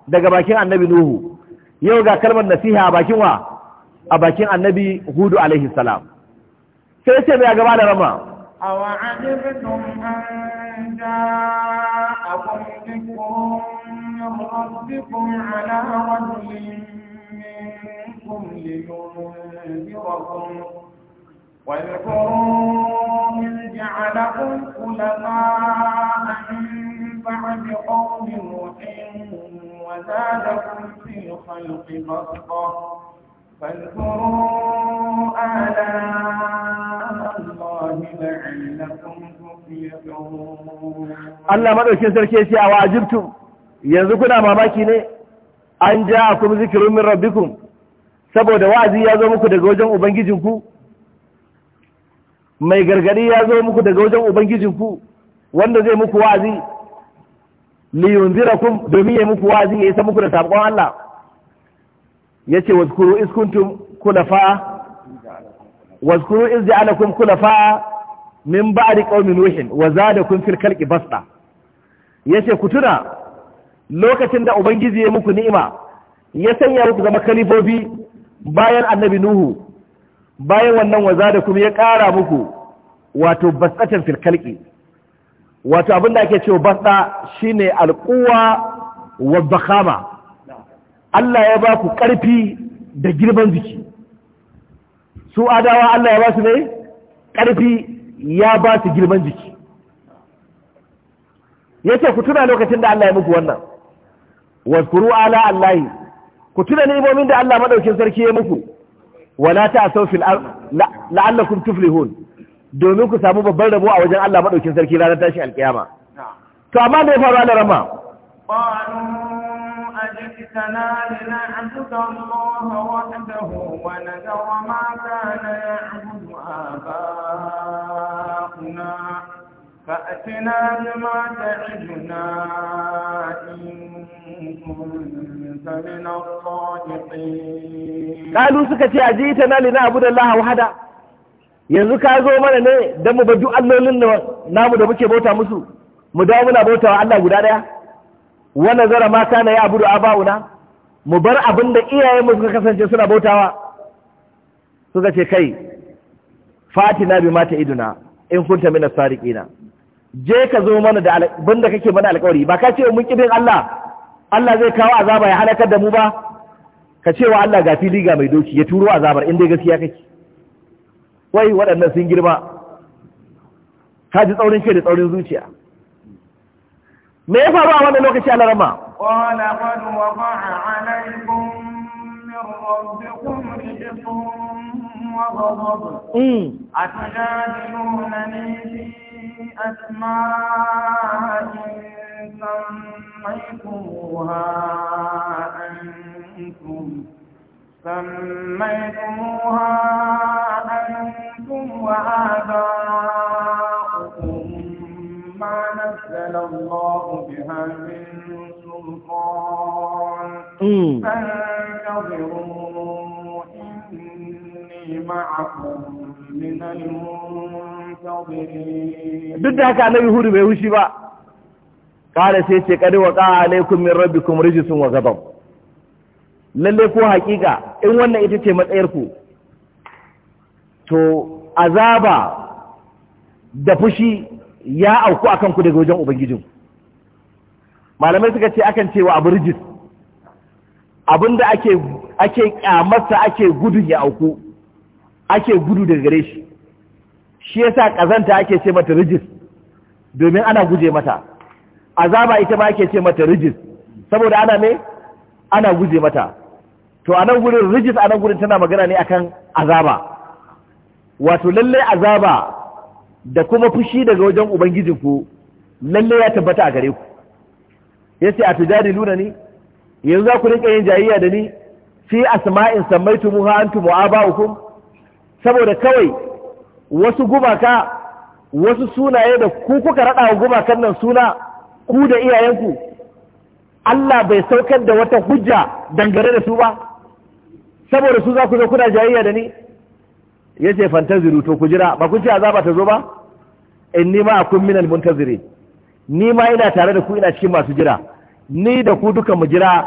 daga bakin annabi nuhu yau ga kalmar nasiha a bakin wa a bakin annabi hudu alaihi salam sai ce mai gaba da rama أوعجبتم أن جاءكم ذكر من ربكم بعد قوم نوح وزادهم في الخلق بسطة فاذكروا آلاء الله لعلكم تفلحون ya ce a أو yanzu kuna mamaki ne an ja kuma zikirun min rabbikum saboda wa'azi ya zo muku daga wajen ubangijinku mai gargadi ya zo muku daga wajen ubangijinku wanda zai muku wa'azi liyunzirakum domin ya muku wazi ya isa muku da sakon Allah ya ce wazkuru iz kuntum kulafa wazkuru iz ja'alakum kulafa min ba'di qaumi nuhin wa zadakum fil khalqi basta yace ku tuna lokacin da ubangiji ya muku ni'ima ya sanya muku zama kalifofi bayan annabi nuhu bayan wannan waza da kuma ya ƙara muku wato basatan fil wato abinda ake cewa basa shine alquwa wa bakama Allah ya ba ku ƙarfi da girman jiki su adawa Allah ya ba su ne ƙarfi ya ba su girman jiki yace ku tuna lokacin da Allah ya muku wannan wazkuru ala allahi ku tuna ni'imomin da Allah madaukin sarki ya muku wala ta'asaw fil ard la'allakum tuflihun domin ku samu babban rabo a wajen Allah maɗaukin sarki ranar tashi alƙiyama. to amma da ya faru da rama أجئتنا لنعبد الله وحده ونذر na كان يعبد قالوا سكتي أجئتنا لنعبد الله وحده yanzu ka zo mana ne don mu duk allolin namu da muke bauta musu mu dawo muna bauta wa Allah guda daya wa zara ma kana ya abudu abauna mu bar abin da iyayen mu suka kasance suna bautawa suka ce kai fatina bi mata iduna in kunta mina sariqina je ka zo mana da abin da kake mana alƙawari ba ka ce mun kibin Allah Allah zai kawo azaba ya halakar da mu ba ka ce wa Allah ga fili ga mai doki ya turo azabar in dai gaskiya kake wai waɗannan sun girma ka ji tsaurin kai da tsaurin zuciya me ya faru a wannan lokaci a larama qala qad waqa'a alaykum min سميتموها أنتم وآباؤكم ما نزل الله بها من سلطان فانتظروا إني معكم من المنتظرين duk da haka annabi hudu bai wushi ba kare sai ce kadi wa ka alaikum min rabbikum rijsun wa ghadab lalle ko hakika in wannan ita ce matsayar ku to azaba da fushi ya auku akan ku daga wajen ubangijin malamai suka ce akan cewa abu rijis abinda ake ake kyamarsa ake gudu ya auku ake gudu daga gare shi shi yasa kazanta ake ce mata rijis domin ana guje mata azaba ita ma ake ce mata rijis saboda ana me ana guje mata to anan gurin rijis anan gurin tana magana ne akan azaba wato lalle azaba da kuma fushi daga wajen ubangijinku lalle ya tabbata a gare ku yace a tujari luna ni yanzu za ku rinka yin jayayya da ni fi asma'in sammaitumuha antum wa aba'ukum saboda kawai wasu gumaka wasu sunaye da ku kuka raɗa wa gumakan nan suna ku da iyayenku Allah bai saukar da wata hujja dangane da su ba saboda su za ku zo kuna jayayya da ni ya ce fantaziru to ku jira ba ku ce azaba ta zo ba in ni ma akun minal muntaziri ni ma ina tare da ku ina cikin masu jira ni da ku duka mu jira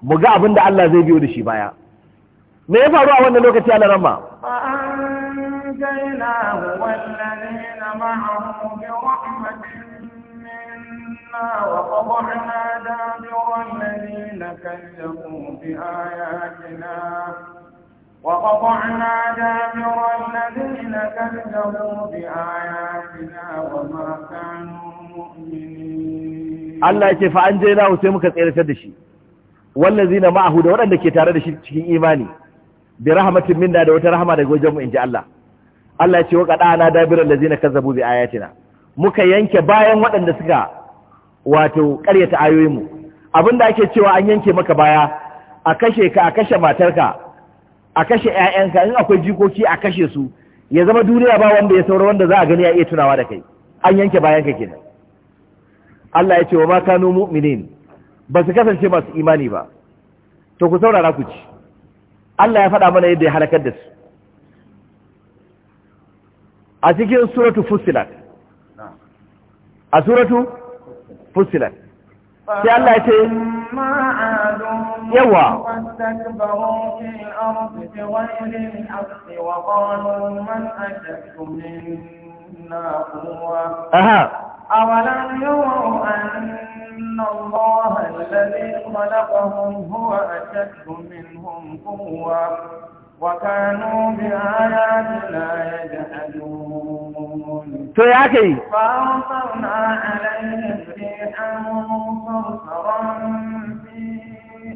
mu ga abin da Allah zai biyo da shi baya me ya faru a wannan lokaci Allah ramma فأنجيناه والذين معه وقطعنا دابر الذين كذبوا بآياتنا وما كانوا مؤمنين الله يكي فأنجينا وسيمك تسير تدشي والذين معه دورا لكي تارد شيء إيماني برحمة منا دوت رحمة وجمع إن جاء الله Allah ce waka ɗana dabirar da zina kazzabu bi ayatina muka yanke bayan waɗanda suka wato ƙaryata ayoyinmu abinda ake cewa an yanke maka baya a kashe ka a kashe matarka a kashe 'ya'yanka in akwai jikoki a kashe su ya zama duniya ba wanda ya saura wanda za a gani a iya tunawa da kai an yanke bayan ka kenan Allah ya ce wa ma kanu mu'minin ba su kasance masu imani ba to ku saurara ku ci Allah ya faɗa mana yadda ya halakar da su a cikin suratu fusilat a suratu fusilat sai Allah ya ce أما عادوا واستكبروا في الأرض بغير الحق وقالوا من أشد منا قوة أها أولم يروا أن الله الذي خلقهم هو أشد منهم قوة وكانوا بآياتنا يجحدون فأرسلنا عليهم ريحا صرصرا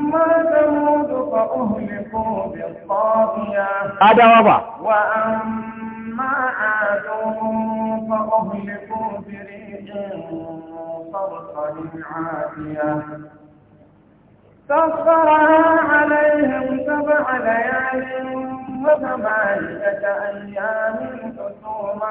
أما ثمود فأهلكوا بالطاغية أدوابا وأما عاد فأهلكوا بريح صرصر عافية سخرها عليهم سبع ليال وثمانية أيام حسوما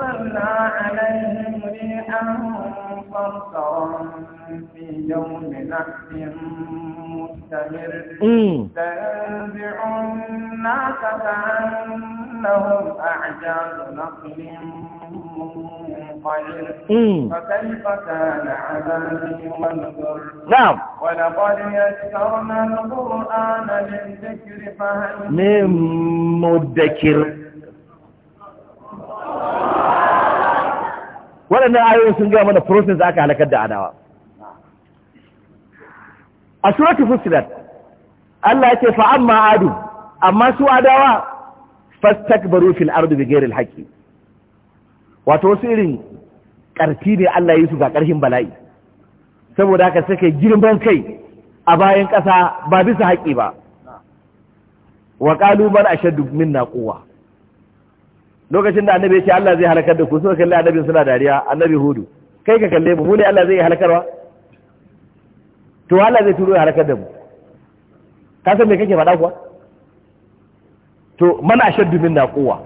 أرسلنا عليهم ريحا صرصرا في يوم نحس مستمر تنزع الناس كأنهم أعجاز نخل فكيف كان عذابي والنذر نعم ولقد يسرنا القرآن للذكر فهل من مدكر waɗannan ayoyin sun gaya mana process da aka halakar da adawa a suratul fusilat Allah ya ce fa amma adu amma su adawa fastakbaru fil ardi bighairi haƙƙi. wato wasu irin ƙarfi ne Allah ya su ga karfin bala'i saboda haka suka girman kai a bayan ƙasa ba bisa haƙi ba wa qalu bal ashaddu minna quwwa lokacin da annabi ya ce Allah zai halakar da ku suka kalli annabi suna dariya annabi hudu kai ka kalle mu mu ne Allah zai halakarwa to Allah zai turo ya halakar da mu ka san me kake faɗa kuwa to man ashaddu minna quwwa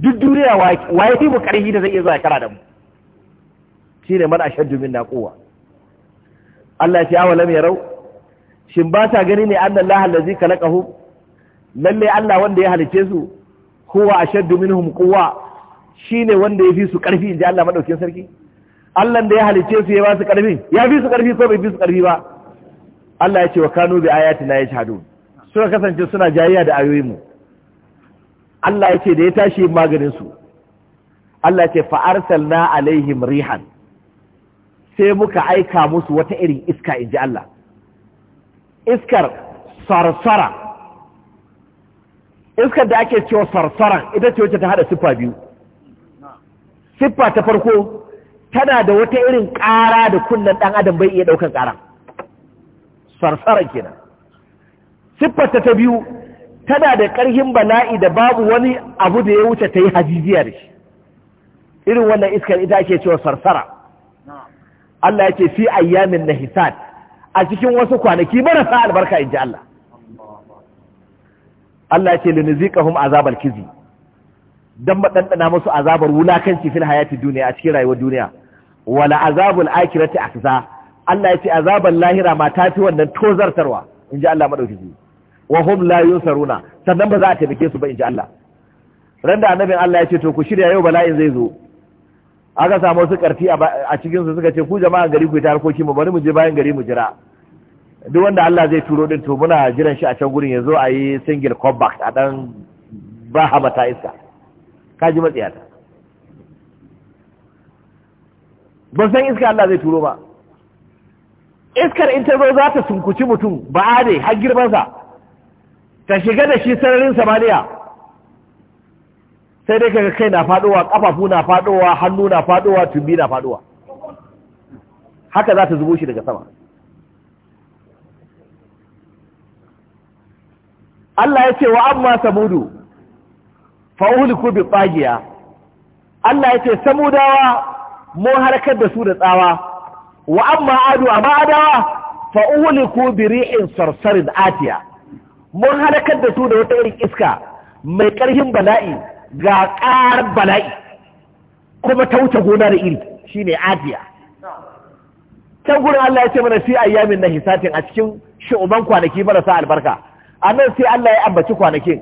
duk duniya waye fi mu karfi da zai iya zuwa kara da mu shine man ashaddu minna quwwa Allah ya ce awalam yarau shin ba ta gani ne annallahu allazi khalaqahum lalle Allah wanda ya halice su huwa ashaddu minhum quwwa shine wanda ya fi su karfi inji Allah madaukin sarki Allah da ya halice su ya ba su karfi ya fi su karfi ko bai fi su karfi ba Allah ya ce wa kanu bi la yajhadun suka kasance suna jayayya da ayoyin mu Allah ya ce da ya tashi maganin su Allah ya ce fa arsalna alaihim rihan sai muka aika musu wata irin iska inji Allah iskar sarsara iskar da ake cewa sarsaran ita ce wacce ta hada siffa biyu siffa ta farko tana da wata irin ƙara da kunnen ɗan adam bai iya ɗaukar ƙara farfara kenan siffa ta ta biyu tana da ƙarhin bala'i da babu wani abu da ya wuce ta yi hajijiya da shi irin wannan iskar ita ake cewa sarsara Allah ya ce fi ayyamin nahisat a cikin wasu kwanaki marasa albarka in ji Allah Allah ce hum azabal kizi dan madandana musu azabar wulakanci fil hayati duniya a cikin rayuwar duniya wala azabul akhirati akza Allah ce azabar lahira ma tafi wannan tozartarwa ji Allah zuwa wa hum la yusaruna sannan ba za a taimake su ba in ji Allah randa annabin Allah ya ce to ku shirya yau bala'in zai zo aka samu su karfi a cikin su suka ce ku jama'a gari ku ta harkoki mu bari mu je bayan gari mu jira duk wanda Allah zai turo din to muna jiran shi a can gurin yazo a yi single comeback a dan ba mata iska Ka kaji matsiyata ban san iska Allah zai turo ba iskar in ta zo za ta sunkuci mutum ba a ne har girmansa ta shiga da shi sararin samaniya sai dai kaga kai na fadowa kafafu na fadowa hannu na fadowa tumbi na fadowa haka za ta zubo shi daga sama Allah ya ce wa amma samudu fa uhliku bi tsagiya Allah ya ce samudawa mun harkar da su da tsawa wa amma adu amma adawa fa uhliku bi ri'in sarsarin atiya mun halakar da su da wata irin iska mai ƙarfin bala'i ga ƙarar bala'i kuma ta wuce gona da iri shine atiya can gurin Allah ya ce mana fi ayyamin na hisatin a cikin shi'uban kwanaki marasa albarka a nan sai Allah ya ambaci kwanakin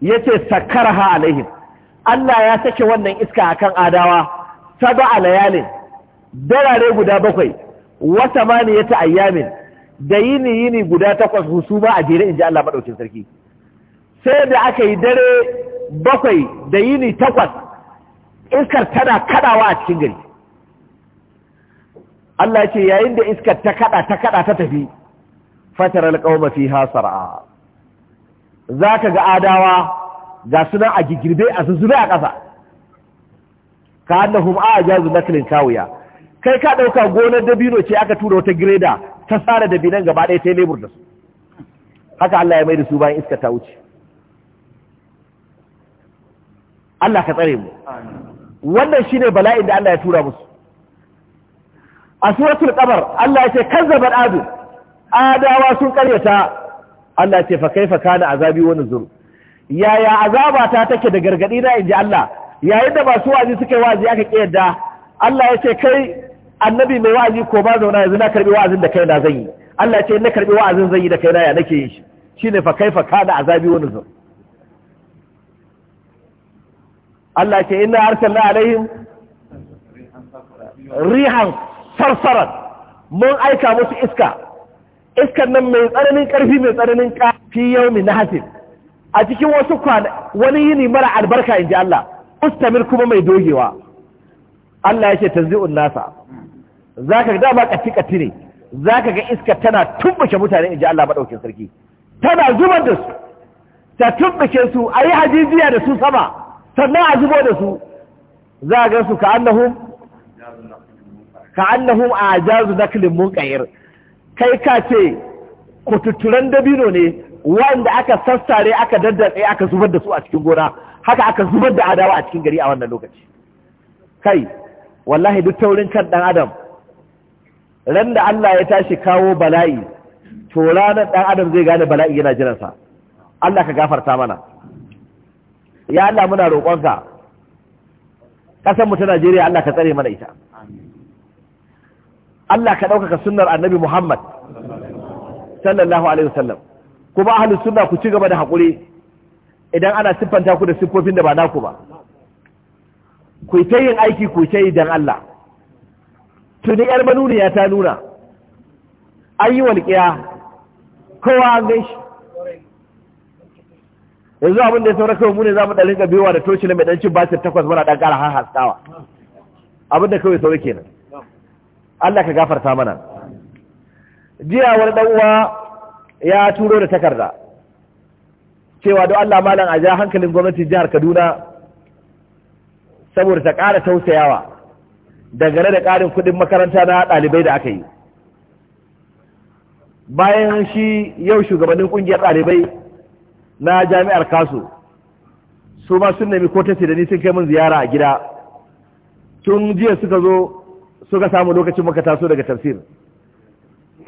ya ce ha alaihim Allah ya sake wannan iska a kan adawa ba a layalin darare guda bakwai wata ya ta ayyamin da yini yini guda takwas husu ba a jere in ji Allah maɗaukin sarki sai da aka yi dare bakwai da yini takwas iskar tana kaɗawa a cikin gari Allah ce yayin da iskar ta kaɗa ta kaɗa ta tafi fatar alƙawma mafi hasara za ka ga adawa ga suna a girbe a zube a ƙasa ka annahum a jazu naklin kawuya kai ka ɗauka gonar dabino ce aka tura wata gireda ta tsara dabinan gaba ɗaya ta lebur da su haka Allah ya mai da su bayan iska ta wuce Allah ka tsare mu wannan shine bala'in da Allah ya tura musu a suratul qamar Allah ya ce kazzabat adu adawa sun karyata Allah ce fa kaifa kana azabi wani zuru yaya azabata take da gargadi na inji Allah yayin da masu wazi suka yi wazi aka kiyarda Allah ya ce kai annabi mai wazi ko ba zauna yanzu na karbi wa'azin da kai na zan yi Allah ya ce na karbi wa'azin zan yi da kai na ya nake yin shi shine fa kaifa kana azabi wani zuru Allah ce inna arsalna alaihim rihan sarsaran mun aika musu iska iskan nan mai tsananin ƙarfi mai tsananin ƙafi yau na nahasin a cikin wasu kwan wani yini mara albarka in ji Allah ustamir kuma mai dogewa Allah ya ce tanzi'un nasa za ka ga dama ƙafi ƙafi ne za ka ga iska tana tumbuke mutane in ji Allah maɗaukin sarki tana zubar da su ta tumbuke su a yi hajijiya da su sama sannan a zubo da su za a gan su ka annahum a jazu naklin munƙayir kai ka ce kututturen dabino ne wanda aka sassare aka daddatse aka zubar da su a cikin gona haka aka zubar da adawa a cikin gari a wannan lokaci kai wallahi duk taurin kan dan adam ran da Allah ya tashi kawo bala'i to ranar dan adam zai gane bala'i yana jiransa Allah ka gafarta mana ya Allah muna roƙonka ƙasar mu ta Najeriya Allah ka tsare mana ita Allah ka ɗaukaka sunnar annabi Muhammad sallallahu alaihi wasallam kuma ahalin suna ku ci gaba da haƙuri idan ana siffanta ku da siffofin da ba naku ba ku ta yin aiki ku ce yi Allah tuni yar manuniya ta nuna an yi walƙiya kowa an gan shi yanzu abin da ya saura kawai mune za mu ɗalinka biyuwa da toshi na mai ɗancin basir takwas muna ɗan ƙara har haskawa abin da kawai sauri kenan Allah ka gafarta mana jiya wani dan uwa ya turo da takarda cewa don Allah malan a ja hankalin gwamnatin jihar Kaduna saboda ta ƙara tausayawa dangane da ƙarin kuɗin makaranta na ɗalibai da aka yi bayan shi yau shugabannin ƙungiyar ɗalibai na jami'ar kasu su ma sun nemi ko da ni sun kai min ziyara a gida tun jiya suka zo suka samu lokacin muka taso daga tafsir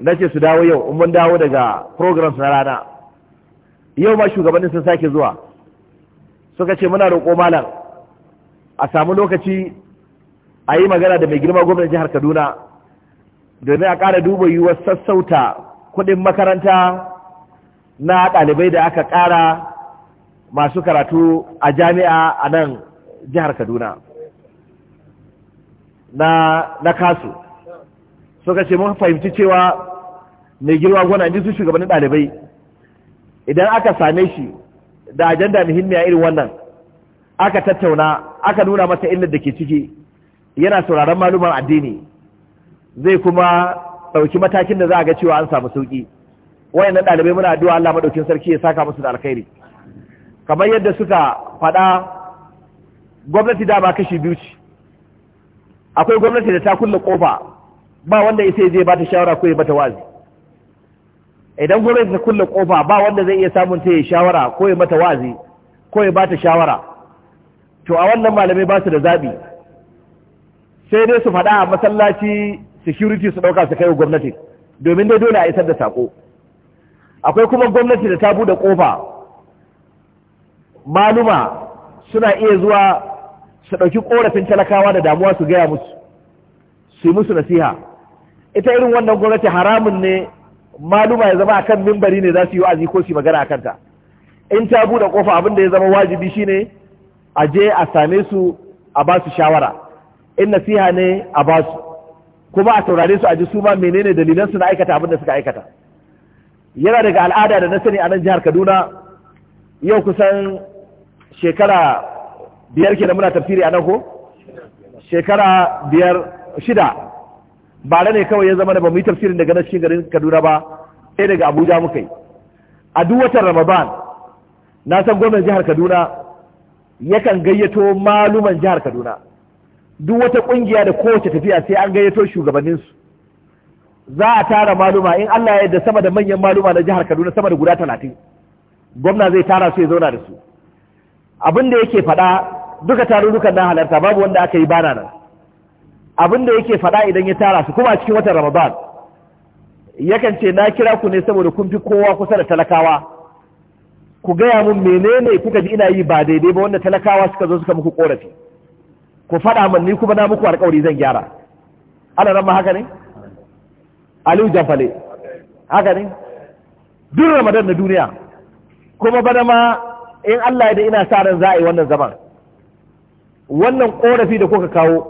na ce su dawo yau mun dawo daga programs na rana yau ma shugabannin sun sake zuwa suka ce muna roƙo malam a samu lokaci a yi magana da mai girma gwamnatin jihar kaduna domin a ƙara duba yiwuwar sassauta kuɗin makaranta na ɗalibai da aka ƙara masu karatu a jami'a a nan jihar kaduna na na kasu suka ce mun fahimci cewa mai girma gona ji su shugabannin ɗalibai idan aka same shi da ajanda muhimmiya irin wannan aka tattauna aka nuna masa illar da ke ciki yana sauraron maluman addini zai kuma ɗauki matakin da za a ga cewa an samu sauƙi wayannan ɗalibai muna addu'a Allah maɗaukin sarki ya saka musu da alkhairi kamar yadda suka faɗa gwamnati da ba kashi biyu ce akwai gwamnati da ta kulle kofa ba wanda ya sai zai ta shawara ko ya bata wazi idan gwamnati ta kulle kofa ba wanda zai iya samun ta shawara ko ya mata wazi ko ya bata shawara to a wannan malamai ba su da zabi sai dai su faɗa a masallaci security su ɗauka su kai wa gwamnati domin dai dole a isar da sako akwai kuma gwamnati da ta bude kofa maluma suna iya zuwa su ɗauki ƙorafin talakawa da damuwa su gaya musu su yi musu nasiha ita irin wannan gwamnati haramun ne maluma ya zama akan mimbari ne za su yi wa'azi ko su magana a kanta. in ta buɗe ƙofa abin da ya zama wajibi shine a je a same su a ba su shawara in nasiha ne a ba su kuma a saurare su a ji su ma menene dalilan su na aikata abin da suka aikata yana daga al'ada da na sani a nan jihar Kaduna yau kusan shekara biyar kenan muna tafsiri a nan ko shekara biyar shida ba da ne kawai ya zama da ba mu yi tafsirin daga nan cikin garin Kaduna ba sai daga Abuja muka yi a duk watan Ramadan na san gwamnan jihar Kaduna yakan gayyato maluman jihar Kaduna duk wata kungiya da kowace tafiya sai an gayyato shugabanninsu za a tara maluma in Allah ya yarda sama da manyan maluma na jihar Kaduna sama da guda talatin gwamna zai tara su ya zauna da su abin da yake faɗa duka tarurrukan na halarta babu wanda aka yi bana nan abin da yake faɗa idan ya tara su kuma a cikin watan ramadan yakan ce na kira ku ne saboda kun fi kowa kusa da talakawa ku gaya mun menene kuka ji ina yi ba daidai ba wanda talakawa suka zo suka muku korafi ku faɗa min ni kuma na muku alƙawari zan gyara ana nan ma haka ne aliyu jamfale haka ne duk ramadan na duniya kuma bana ma in Allah ya da ina sa ran za a wannan zaman wannan korafi da kuka kawo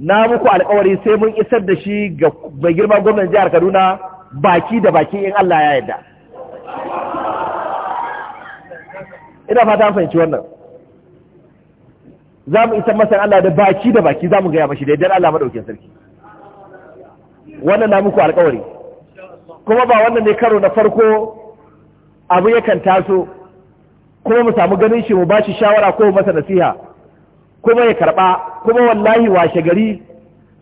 na muku alkawari sai mun isar da shi ga mai girma gwamnan jihar kaduna baki da baki in allah ya yarda ina fata an fahimci wannan za mu isar masa allah da baki da baki za mu gaya mashi da yadda allah maɗaukin sarki wannan na muku alkawari kuma ba wannan ne karo na farko abu yakan taso kuma mu samu ganin shi mu ba shi shawara ko masa nasiha kuma ya karɓa kuma wallahi washe gari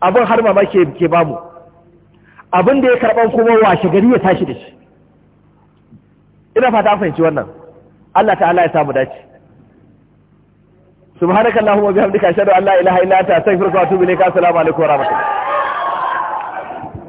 abin har ma ke ke bamu abin da ya karɓa kuma washe gari ya tashi da shi ina fata fahimci wannan Allah ta'ala ya samu dace subhanakallahumma bihamdika ashhadu an la ilaha illa anta astaghfiruka wa atubu ilayka assalamu alaikum wa rahmatullahi